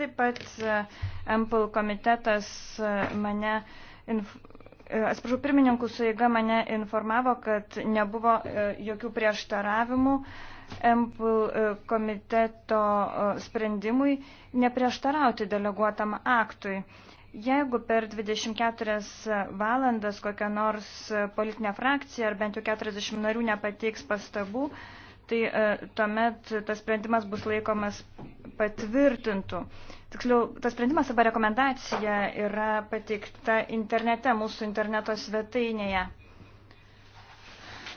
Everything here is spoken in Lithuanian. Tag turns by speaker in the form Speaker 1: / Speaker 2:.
Speaker 1: Taip pat e, MPL komitetas e, mane, inf... E, atsiprašau, pirmininkų suiga mane informavo, kad nebuvo jokių prieštaravimų MPL komiteto sprendimui neprieštarauti deleguotam aktui. Jeigu per 24 valandas kokia nors politinė frakcija ar bent jau 40 narių nepateiks pastabų, tai tuomet tas sprendimas bus laikomas patvirtintų. Tiksliau, tas sprendimas arba rekomendacija yra pateikta internete, mūsų interneto svetainėje.